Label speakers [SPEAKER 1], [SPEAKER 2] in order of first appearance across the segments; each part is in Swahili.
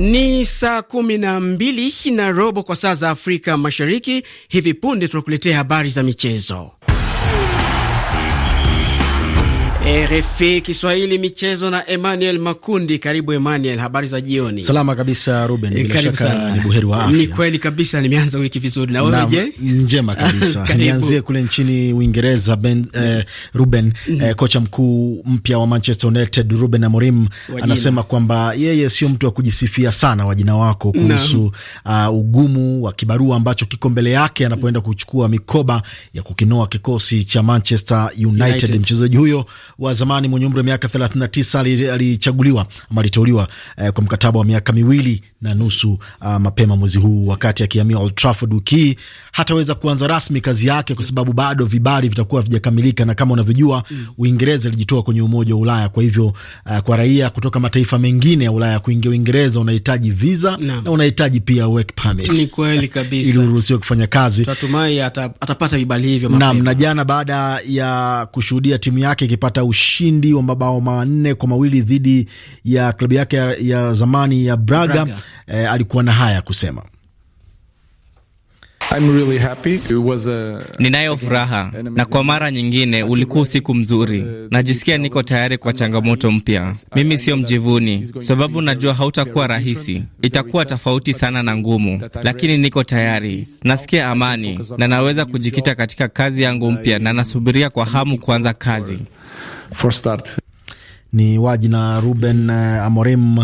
[SPEAKER 1] Ni saa kumi na mbili na robo kwa saa za Afrika Mashariki. Hivi punde tunakuletea habari za michezo. RFI Kiswahili michezo na Emmanuel Makundi. Karibu Emmanuel, habari za jioni? Salama kabisa Ruben, bila eh, karibu shaka sana. Ni buheri wa afya. Ni kweli kabisa, nimeanza wiki vizuri na wewe je? Njema kabisa nianzie kule nchini Uingereza ben, eh, Ruben mm. eh, kocha mkuu mpya wa Manchester United Ruben Amorim anasema kwamba yeye sio mtu wa kujisifia sana wajina wako kuhusu uh, ugumu wa kibarua ambacho kiko mbele yake anapoenda kuchukua mikoba ya kukinoa kikosi cha Manchester United, United. mchezaji huyo wa zamani mwenye umri wa miaka 39 alichaguliwa ama aliteuliwa eh, kwa mkataba wa miaka miwili na nusu ah, mapema mwezi huu wakati akihamia Old Trafford. Wiki hii hataweza kuanza rasmi kazi yake kwa sababu bado vibali vitakuwa vijakamilika, na kama unavyojua mm. Uingereza ilijitoa kwenye Umoja wa Ulaya. Kwa hivyo ah, kwa raia kutoka mataifa mengine ya Ulaya kuingia Uingereza unahitaji visa na, na unahitaji pia work permit. Ni kweli kabisa, ili uruhusiwe kufanya kazi. Tunatumai atapata vibali hivyo mapema. Naam, na jana baada ya kushuhudia timu yake ikipata ushindi wa mabao manne kwa mawili dhidi ya klabu yake ya, ya zamani ya Braga, Braga. Eh, alikuwa na haya kusema.
[SPEAKER 2] I'm really
[SPEAKER 3] happy. It was a... ninayo furaha na kwa mara nyingine ulikuwa usiku mzuri. Najisikia niko tayari kwa changamoto mpya. Mimi sio mjivuni, sababu najua hautakuwa rahisi, itakuwa tofauti sana na ngumu, lakini niko tayari. Nasikia amani na naweza kujikita katika kazi yangu mpya, na nasubiria kwa hamu kuanza kazi
[SPEAKER 1] for start ni waji na Ruben eh, Amorim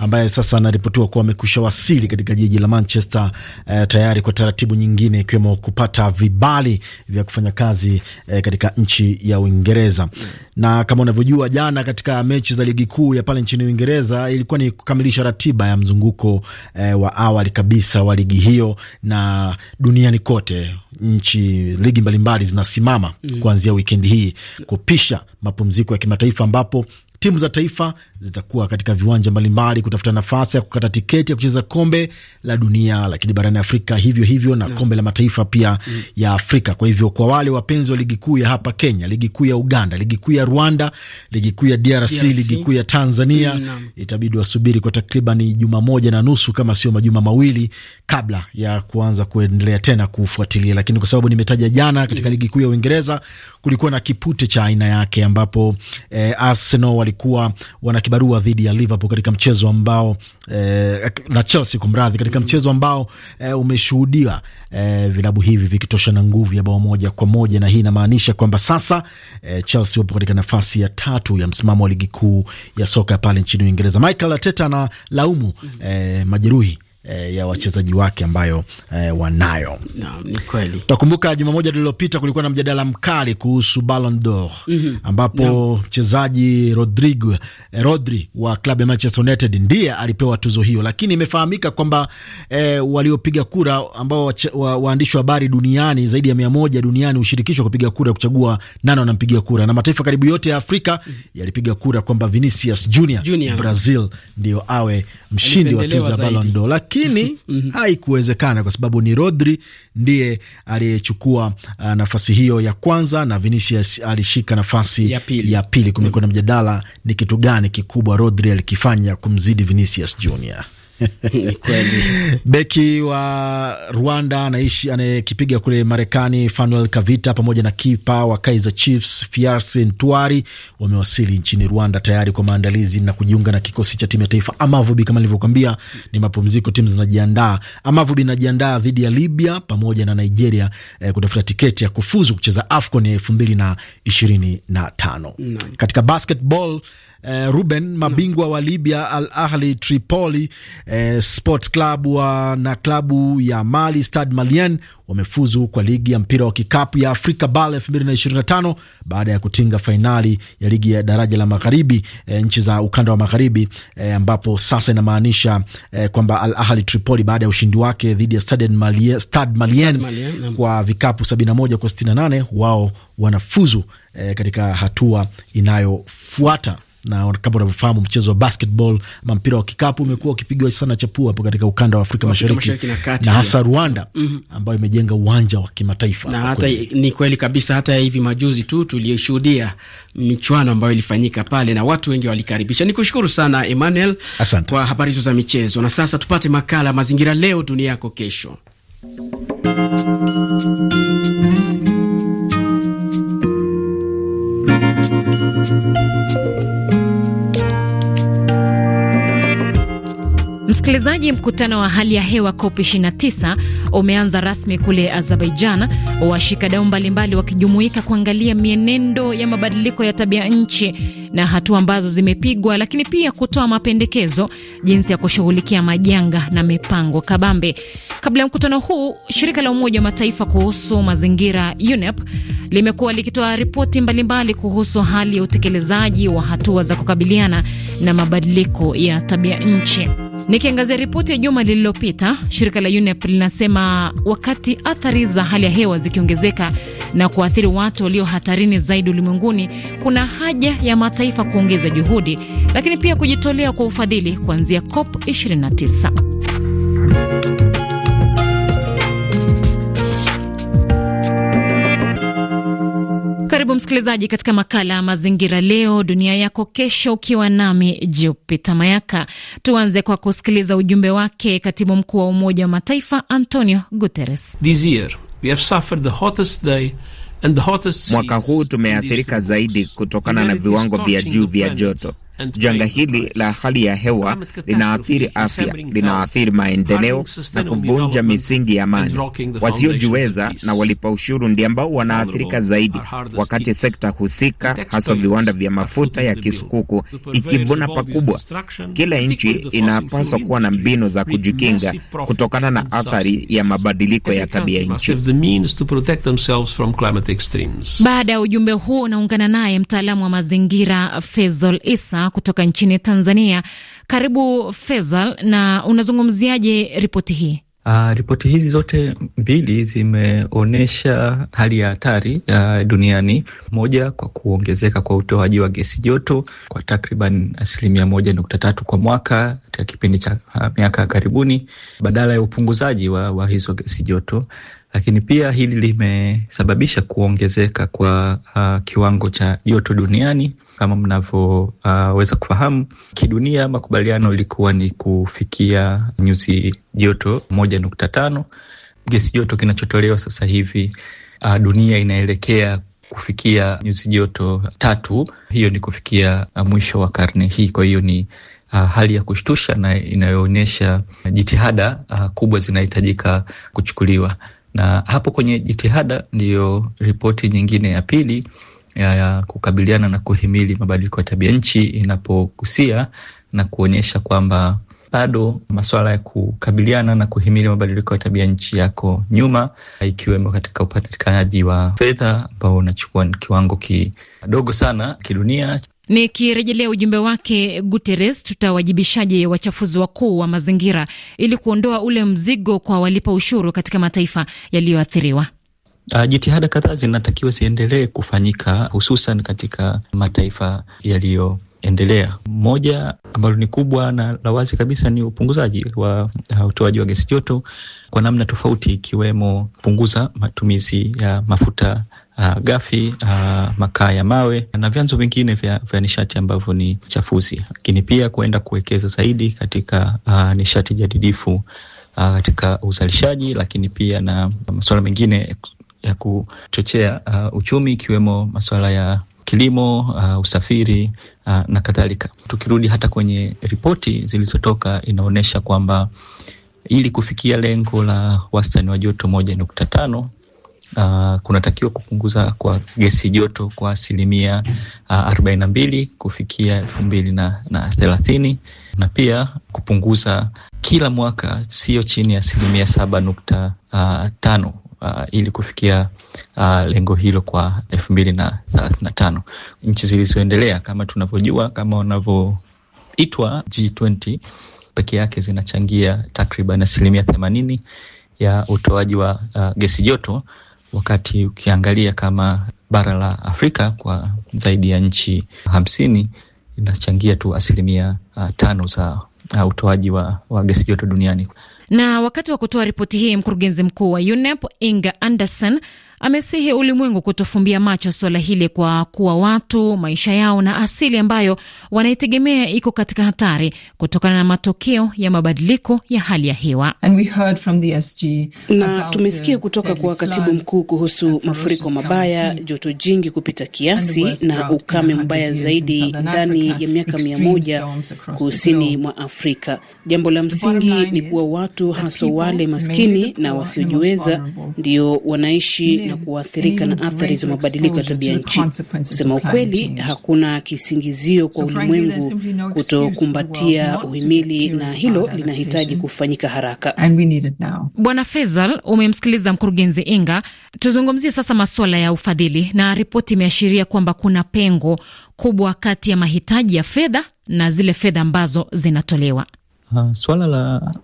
[SPEAKER 1] ambaye sasa anaripotiwa kuwa amekusha wasili katika jiji la Manchester eh, tayari kwa taratibu nyingine ikiwemo kupata vibali vya kufanya kazi eh, katika nchi ya Uingereza. Na kama unavyojua, jana katika mechi za ligi kuu ya pale nchini Uingereza ilikuwa ni kukamilisha ratiba ya mzunguko eh, wa awali kabisa wa ligi hiyo, na duniani kote nchi ligi mbalimbali zinasimama mm. kuanzia wikendi hii kupisha mapumziko ya kimataifa ambapo timu za taifa zitakuwa katika viwanja mbalimbali kutafuta nafasi ya kukata tiketi ya kucheza kombe la dunia, lakini barani Afrika hivyo hivyo na no. Mm. kombe la mataifa pia mm. ya Afrika. Kwa hivyo kwa wale wapenzi wa ligi kuu ya hapa Kenya, ligi kuu ya Uganda, ligi kuu ya Rwanda, ligi kuu ya DRC, DRC, ligi kuu ya Tanzania mm, itabidi wasubiri kwa takriban juma moja na nusu kama sio majuma mawili kabla ya kuanza kuendelea tena kufuatilia, lakini kwa sababu nimetaja jana katika mm. ligi kuu ya Uingereza kulikuwa na kipute cha aina yake ambapo eh, Arsenal walikuwa wana kibarua dhidi ya Liverpool katika mchezo ambao eh, na Chelsea kumradhi, katika mchezo ambao eh, umeshuhudia eh, vilabu hivi vikitosha na nguvu ya bao moja kwa moja, na hii inamaanisha kwamba sasa eh, Chelsea wapo katika nafasi ya tatu ya msimamo wa ligi kuu ya soka pale nchini Uingereza. Michael Arteta analaumu eh, majeruhi Eh, ya wachezaji wake ambayo eh, wanayo. No, ni kweli. Utakumbuka juma moja lililopita kulikuwa na mjadala mkali kuhusu Ballon d'Or mm -hmm. ambapo mchezaji no. Rodrigo eh, Rodri wa klabu ya Manchester United ndiye alipewa tuzo hiyo, lakini imefahamika kwamba eh, waliopiga kura ambao waandishi wa habari duniani zaidi ya mia moja duniani hushirikishwa kupiga kura kuchagua nani wanampigia kura, na mataifa karibu yote ya Afrika mm -hmm. yalipiga kura kwamba Vinicius Junior, Junior. Brazil ndio awe mshindi wa tuzo ya Ballon d'Or lakini mhm. Mhm. haikuwezekana kwa sababu ni Rodri ndiye aliyechukua uh, nafasi hiyo ya kwanza na Vinicius alishika nafasi ya pili, ya pili. Kumekuwa na mhm. mjadala ni kitu gani kikubwa Rodri alikifanya kumzidi Vinicius Junior. Beki wa Rwanda anaishi anayekipiga kule Marekani, Fanuel Kavita pamoja na kipa wa Kaizer Chiefs Fiarse Ntwari wamewasili nchini Rwanda tayari kwa maandalizi na kujiunga na kikosi cha timu ya taifa. Amavubi, kama nilivyokwambia, ni mapumziko, timu zinajiandaa. Amavubi inajiandaa dhidi ya Libya pamoja na Nigeria eh, kutafuta tiketi ya kufuzu kucheza AFCON ya elfu mbili na ishirini na tano. Katika basketball eh, Ruben, mabingwa wa Libya Al Ahli Tripoli eh, Sport Club wa, na klabu ya Mali Stad Malien wamefuzu kwa ligi ya mpira wa kikapu ya Afrika BAL 2025 baada ya kutinga fainali ya ligi ya daraja la magharibi eh, nchi za ukanda wa magharibi eh, ambapo sasa inamaanisha eh, kwamba Al Ahli Tripoli baada ya ushindi wake dhidi ya Stad Malien, Malien, Malien kwa vikapu 71 kwa 68 wao wanafuzu eh, katika hatua inayofuata na kama unavyofahamu mchezo wa basketball ama mpira wa kikapu umekuwa ukipigwa sana chapua hapo katika ukanda wa Afrika Mashariki, Mashariki na, kati, na hasa Rwanda mm -hmm. ambayo imejenga uwanja wa kimataifa na hata kweli. Ni kweli kabisa, hata hivi majuzi tu tuliyoshuhudia michuano ambayo ilifanyika pale na watu wengi walikaribisha. Nikushukuru sana Emmanuel Asante. kwa habari hizo za michezo, na sasa tupate makala Mazingira Leo Dunia Yako Kesho.
[SPEAKER 2] Msikilizaji, mkutano wa hali ya hewa COP 29 umeanza rasmi kule Azerbaijan, washikadau mbalimbali wakijumuika kuangalia mienendo ya mabadiliko ya tabia nchi na hatua ambazo zimepigwa, lakini pia kutoa mapendekezo jinsi ya kushughulikia majanga na mipango kabambe. Kabla ya mkutano huu, shirika la Umoja wa Mataifa kuhusu mazingira UNEP limekuwa likitoa ripoti mbalimbali kuhusu hali ya utekelezaji wa hatua za kukabiliana na mabadiliko ya tabia nchi. Nikiangazia ripoti ya juma lililopita, shirika la UNEP linasema wakati athari za hali ya hewa zikiongezeka na kuathiri watu walio hatarini zaidi ulimwenguni, kuna haja ya mataifa kuongeza juhudi, lakini pia kujitolea kwa ufadhili kuanzia COP 29. Karibu msikilizaji katika makala ya mazingira, leo dunia yako kesho, ukiwa nami Jupita Mayaka. Tuanze kwa kusikiliza ujumbe wake katibu mkuu wa Umoja wa Mataifa Antonio Guterres.
[SPEAKER 1] This year we have suffered the hottest day and the hottest. Mwaka huu tumeathirika zaidi kutokana na viwango vya juu vya joto Janga hili la hali ya hewa linaathiri afya, linaathiri maendeleo na kuvunja misingi ya amani. Wasiojiweza na walipa ushuru ndi ambao wanaathirika zaidi, wakati sekta husika, hasa viwanda vya mafuta ya kisukuku, ikivuna pakubwa. Kila nchi inapaswa kuwa na mbinu za kujikinga kutokana na athari ya mabadiliko ya tabia nchi.
[SPEAKER 2] Baada ya ujumbe huo, unaungana naye mtaalamu wa mazingira Fezol Isa kutoka nchini Tanzania. Karibu Fezal, na unazungumziaje ripoti hii?
[SPEAKER 3] Uh, ripoti hizi zote mbili zimeonyesha hali ya hatari uh, duniani, moja kwa kuongezeka kwa utoaji wa gesi joto kwa takriban asilimia moja nukta tatu kwa mwaka katika kipindi cha uh, miaka ya karibuni, badala ya upunguzaji wa, wa hizo gesi joto lakini pia hili limesababisha kuongezeka kwa uh, kiwango cha joto duniani. Kama mnavyoweza uh, kufahamu, kidunia makubaliano ilikuwa ni kufikia nyuzi joto moja nukta tano gesi joto kinachotolewa sasa hivi. Uh, dunia inaelekea kufikia nyuzi joto tatu. Hiyo ni kufikia uh, mwisho wa karne hii. Kwa hiyo ni uh, hali ya kushtusha na inayoonyesha jitihada uh, kubwa zinahitajika kuchukuliwa na hapo kwenye jitihada ndiyo ripoti nyingine ya pili ya kukabiliana na kuhimili mabadiliko ya tabia nchi inapogusia na kuonyesha kwamba bado masuala ya kukabiliana na kuhimili mabadiliko ya tabia nchi yako nyuma, ikiwemo katika upatikanaji wa fedha ambao unachukua kiwango kidogo sana kidunia.
[SPEAKER 2] Nikirejelea ujumbe wake Guterres, tutawajibishaje wachafuzi wakuu wa mazingira ili kuondoa ule mzigo kwa walipa ushuru katika mataifa yaliyoathiriwa?
[SPEAKER 3] Uh, jitihada kadhaa zinatakiwa ziendelee kufanyika hususan katika mataifa yaliyo endelea. Moja ambalo ni kubwa na la wazi kabisa ni upunguzaji wa uh, utoaji wa gesi joto kwa namna tofauti, ikiwemo kupunguza matumizi ya mafuta Uh, gafi uh, makaa ya mawe na vyanzo vingine vya, vya nishati ambavyo ni chafuzi, lakini pia kuenda kuwekeza zaidi katika uh, nishati jadidifu uh, katika uzalishaji, lakini pia na masuala mengine ya kuchochea uh, uchumi ikiwemo masuala ya kilimo, uh, usafiri uh, na kadhalika. Tukirudi hata kwenye ripoti zilizotoka inaonyesha kwamba ili kufikia lengo la wastani wa joto moja nukta tano Uh, kunatakiwa kupunguza kwa gesi joto kwa asilimia uh, arobaini na mbili kufikia elfu mbili na thelathini na pia kupunguza kila mwaka sio chini ya asilimia saba nukta uh, tano uh, ili kufikia uh, lengo hilo kwa elfu mbili na thelathini na tano. Nchi zilizoendelea kama tunavyojua, kama wanavyoitwa G20 peke yake zinachangia takriban asilimia themanini ya utoaji wa uh, gesi joto, wakati ukiangalia kama bara la Afrika kwa zaidi ya nchi hamsini inachangia tu asilimia uh, tano za uh, utoaji wa, wa gesi joto duniani.
[SPEAKER 2] Na wakati wa kutoa ripoti hii, mkurugenzi mkuu wa UNEP Inga Anderson Amesihi ulimwengu kutofumbia macho suala hili kwa kuwa watu, maisha yao na asili ambayo wanaitegemea iko katika hatari kutokana na matokeo ya mabadiliko ya hali ya hewa. Na tumesikia kutoka kwa katibu mkuu kuhusu mafuriko mabaya, joto jingi kupita kiasi na ukame mbaya zaidi ndani ya miaka mia moja kusini mwa Afrika. Jambo la msingi ni kuwa watu, haswa wale maskini na wasiojiweza, ndio wanaishi na kuathirika na athari za mabadiliko ya tabia nchi. Kusema ukweli, hakuna kisingizio kwa ulimwengu kutokumbatia uhimili, na hilo linahitaji kufanyika haraka. Bwana Fezal, umemsikiliza mkurugenzi Inga. Tuzungumzie sasa masuala ya ufadhili, na ripoti imeashiria kwamba kuna pengo kubwa kati ya mahitaji ya fedha na zile fedha ambazo zinatolewa.
[SPEAKER 3] Uh, swala la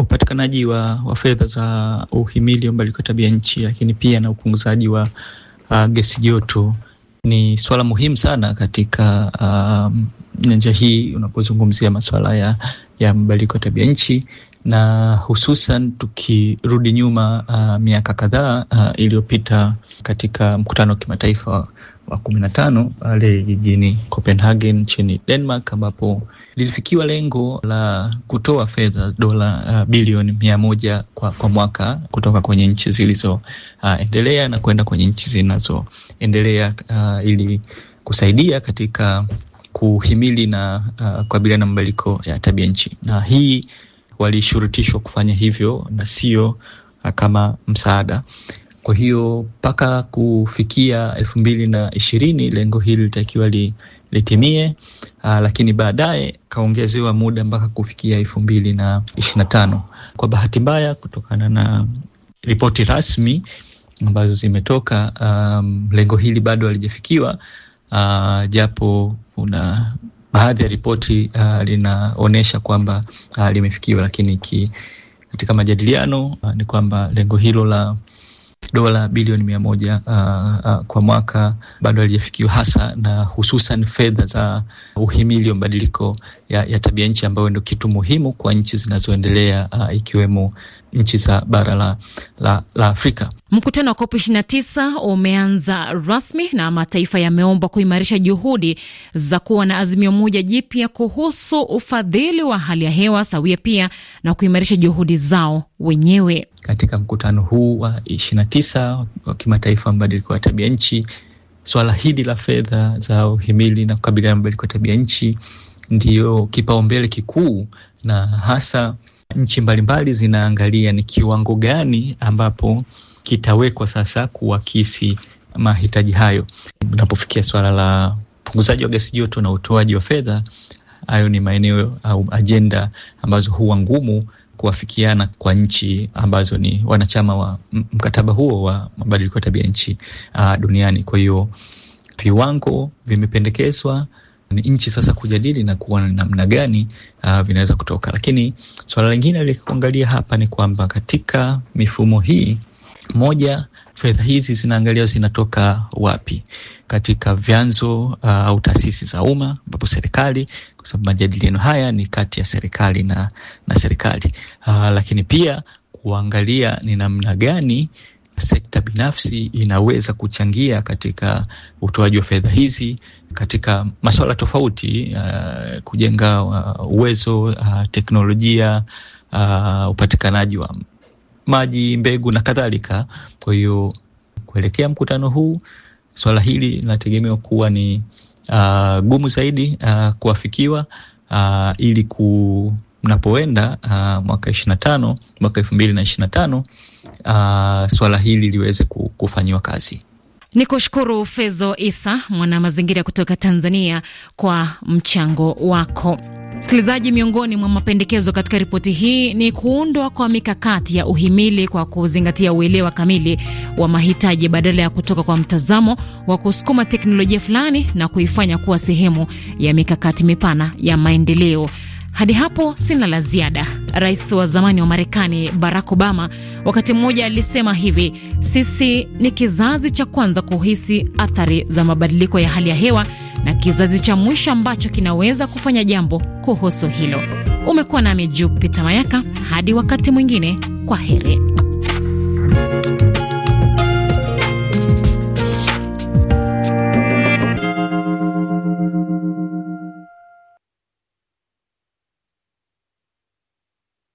[SPEAKER 3] upatikanaji wa, wa fedha za uhimili wa mabadiliko ya tabia nchi, lakini pia na upunguzaji wa uh, gesi joto ni swala muhimu sana katika um, nyanja hii unapozungumzia masuala ya, ya mabadiliko ya tabia nchi na hususan tukirudi nyuma uh, miaka kadhaa uh, iliyopita katika mkutano wa kimataifa wa kumi na tano pale jijini Copenhagen nchini Denmark, ambapo lilifikiwa lengo la kutoa fedha dola uh, bilioni mia moja kwa, kwa mwaka kutoka kwenye nchi zilizoendelea uh, na kwenda kwenye nchi zinazoendelea uh, ili kusaidia katika kuhimili na uh, kukabiliana na mabadiliko ya tabia nchi, na hii walishurutishwa kufanya hivyo na sio uh, kama msaada kwa hiyo mpaka kufikia elfu mbili na ishirini lengo hili litakiwa li, litimie aa, ah, lakini baadaye kaongezewa muda mpaka kufikia elfu mbili na ishirini na tano. Kwa bahati mbaya, kutokana na ripoti rasmi ambazo zimetoka, um, lengo hili bado halijafikiwa, uh, japo kuna baadhi ya ripoti uh, ah, linaonyesha kwamba uh, limefikiwa, lakini ki, katika majadiliano uh, ni kwamba lengo hilo la dola bilioni mia moja uh, uh, kwa mwaka bado halijafikiwa hasa na hususan fedha za uhimili wa mabadiliko ya, ya tabia nchi ambayo ndio kitu muhimu kwa nchi zinazoendelea uh, ikiwemo nchi za bara la, la, la Afrika.
[SPEAKER 2] Mkutano wa COP 29 umeanza rasmi na mataifa yameombwa kuimarisha juhudi za kuwa na azimio moja jipya kuhusu ufadhili wa hali ya hewa sawia, pia na kuimarisha juhudi zao wenyewe.
[SPEAKER 3] Katika mkutano huu wa ishirini na tisa wa kimataifa mabadiliko ya tabia nchi, swala hili la fedha za uhimili na kukabiliana na mabadiliko ya tabia nchi ndiyo kipaumbele kikuu, na hasa nchi mbalimbali zinaangalia ni kiwango gani ambapo kitawekwa sasa kuakisi mahitaji hayo. Unapofikia swala la upunguzaji wa gesi joto na utoaji wa fedha, hayo ni maeneo au ajenda ambazo huwa ngumu kuafikiana kwa nchi ambazo ni wanachama wa mkataba huo wa mabadiliko ya tabia nchi uh, duniani. Kwa hiyo viwango vimependekezwa, ni nchi sasa kujadili na kuona namna gani uh, vinaweza kutoka. Lakini suala lingine lilikuangalia hapa ni kwamba katika mifumo hii moja, fedha hizi zinaangaliwa zinatoka wapi, katika vyanzo uh, au taasisi za umma, ambapo serikali, kwa sababu majadiliano haya ni kati ya serikali na, na serikali uh, lakini pia kuangalia ni namna gani sekta binafsi inaweza kuchangia katika utoaji wa fedha hizi katika masuala tofauti, uh, kujenga uh, uwezo uh, teknolojia uh, upatikanaji wa maji, mbegu na kadhalika. Kwa hiyo kuelekea mkutano huu, swala hili linategemewa kuwa ni uh, gumu zaidi uh, kuafikiwa uh, ili ku mnapoenda uh, mwaka ishirini na tano mwaka elfu mbili na ishirini na tano uh, swala hili liweze kufanyiwa kazi.
[SPEAKER 2] Ni kushukuru Fezo Isa, mwana mazingira kutoka Tanzania, kwa mchango wako. Msikilizaji, miongoni mwa mapendekezo katika ripoti hii ni kuundwa kwa mikakati ya uhimili kwa kuzingatia uelewa kamili wa mahitaji badala ya kutoka kwa mtazamo wa kusukuma teknolojia fulani na kuifanya kuwa sehemu ya mikakati mipana ya maendeleo. Hadi hapo sina la ziada. Rais wa zamani wa Marekani Barack Obama wakati mmoja alisema hivi: sisi ni kizazi cha kwanza kuhisi athari za mabadiliko ya hali ya hewa na kizazi cha mwisho ambacho kinaweza kufanya jambo kuhusu hilo. Umekuwa nami Jupita Mayaka, hadi wakati mwingine, kwa heri.